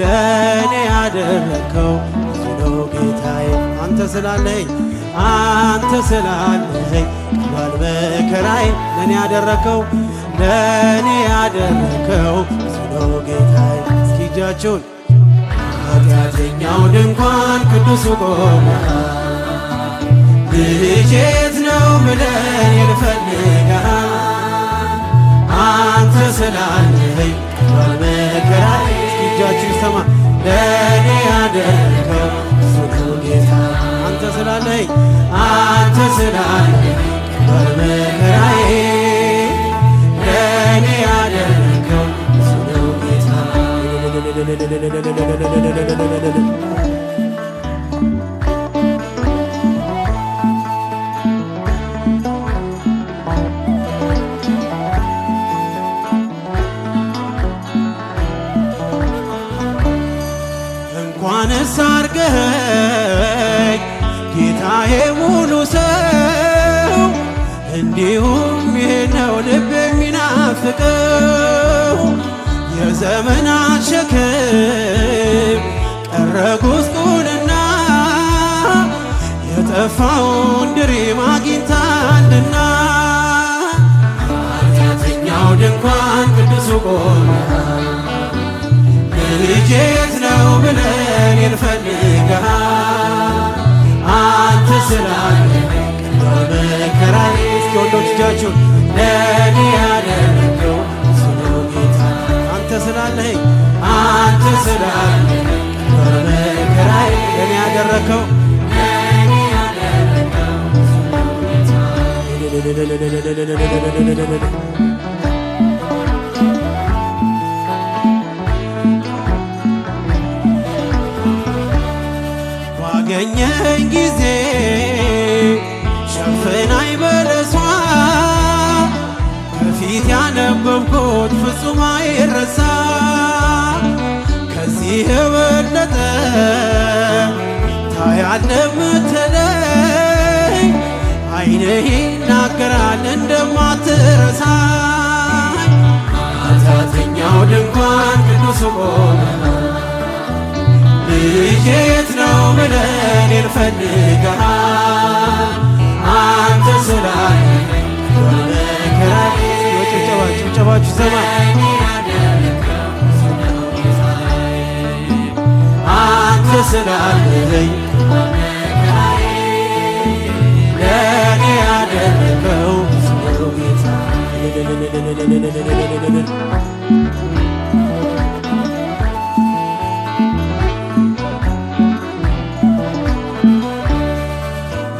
ለእኔ ያደረከው ብዙ ነው ጌታዬ አንተ ስላለኝ አንተ ስላለኝ ቀሏል መከራዬ ለእኔ ያደረከው ለእኔ ያደረከው ብዙ ነው ጌታዬ እስኪ እጃችሁን ኃጢአተኛው ድንኳን ቅዱሱ ቆመ ልጄት ነው ብለን የልፈልጋ አንተ ስላለኝ ቀሏል እጃችሁ ይሰማ ለኔ ያደረገው እሱ ነው አንተ ስላለኝ አንተ ስላለኝ በመከራዬ ለእኔ ያደረገው ጌታ ነህ ጌታዬ ሙሉ ሰው እንዲሁም ይህ ልብ የሚናፍቀው የዘመናት ሸክም ቀረ ጉስቁልና የጠፋውን ድሪም አግኝታልና ኃጢአተኛው ድንኳን ቅዱሱ ቆመ ልጄ የት ነው ብለህ ስላለህ አንተ ስላለህ በመከራዬ ለእኔ ያደረከው ባገኘኝ ጊዜ ሸፍናይ በፊት ያነበብኩት ፍጹም አይረሳ ከዚህ የበለጠ ታያለ ምትለኝ አይንህ ይናገራል እንደማትረሳ አታተኛው ድንኳን ቅዱስ ቆመ ልጄ የት ነው ብለን እንፈልግሃል ስላለኝ ለእኔ ያደረገው ጌታ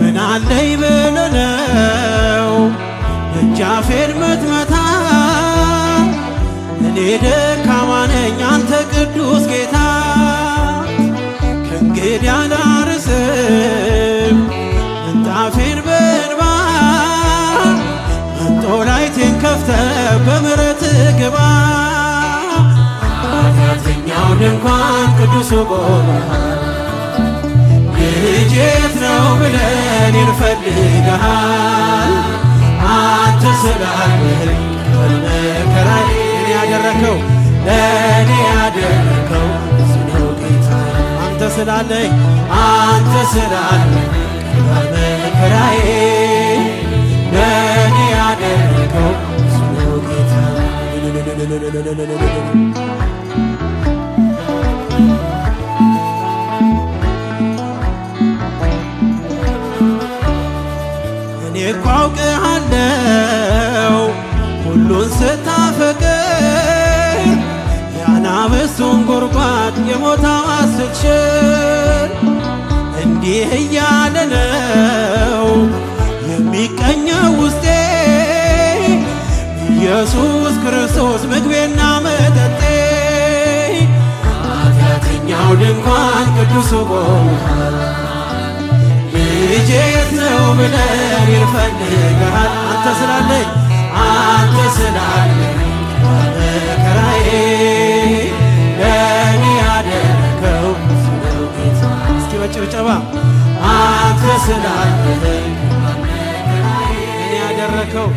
ምን አለኝ ብሎ ነው ደጃፌን ምትመታ እኔ ደካማ ነኝ አንተ ቅዱስ ጌታ ኪዳነ አርስም ምንጣፌን በእንባ መጦላይቴን ከፍተ በምሕረትህ ግባ። አራተኛው ድንኳን ቅዱሱ ቆመሃል፣ ልጄ ነው ብለን እንፈልግሃለን። አንተ ስላለህ መከራዬን ያደረከው ለእኔ ያደረከው ስላለኝ አንተ ስላለኝ በመከራዬ ለእኔ ያደረገው ጌታ እኔ እኮ ሁሉን ስታፈቅር የአናብስቱን ጉድጓድ የሞታ ስትችል እንዲህ እያለ ነው የሚቀኘ ውስጤ ኢየሱስ ክርስቶስ ምግቤና መጠጤ ኃጢአተኛው ድንኳን ቅዱሱ ቆሟል። ነው ብለን ይፈልጋል አንተ ስላለኝ አንተ ስላለኝ መከራዬ በጭብጨባ አንተ ስላየኸኝ ያደረከው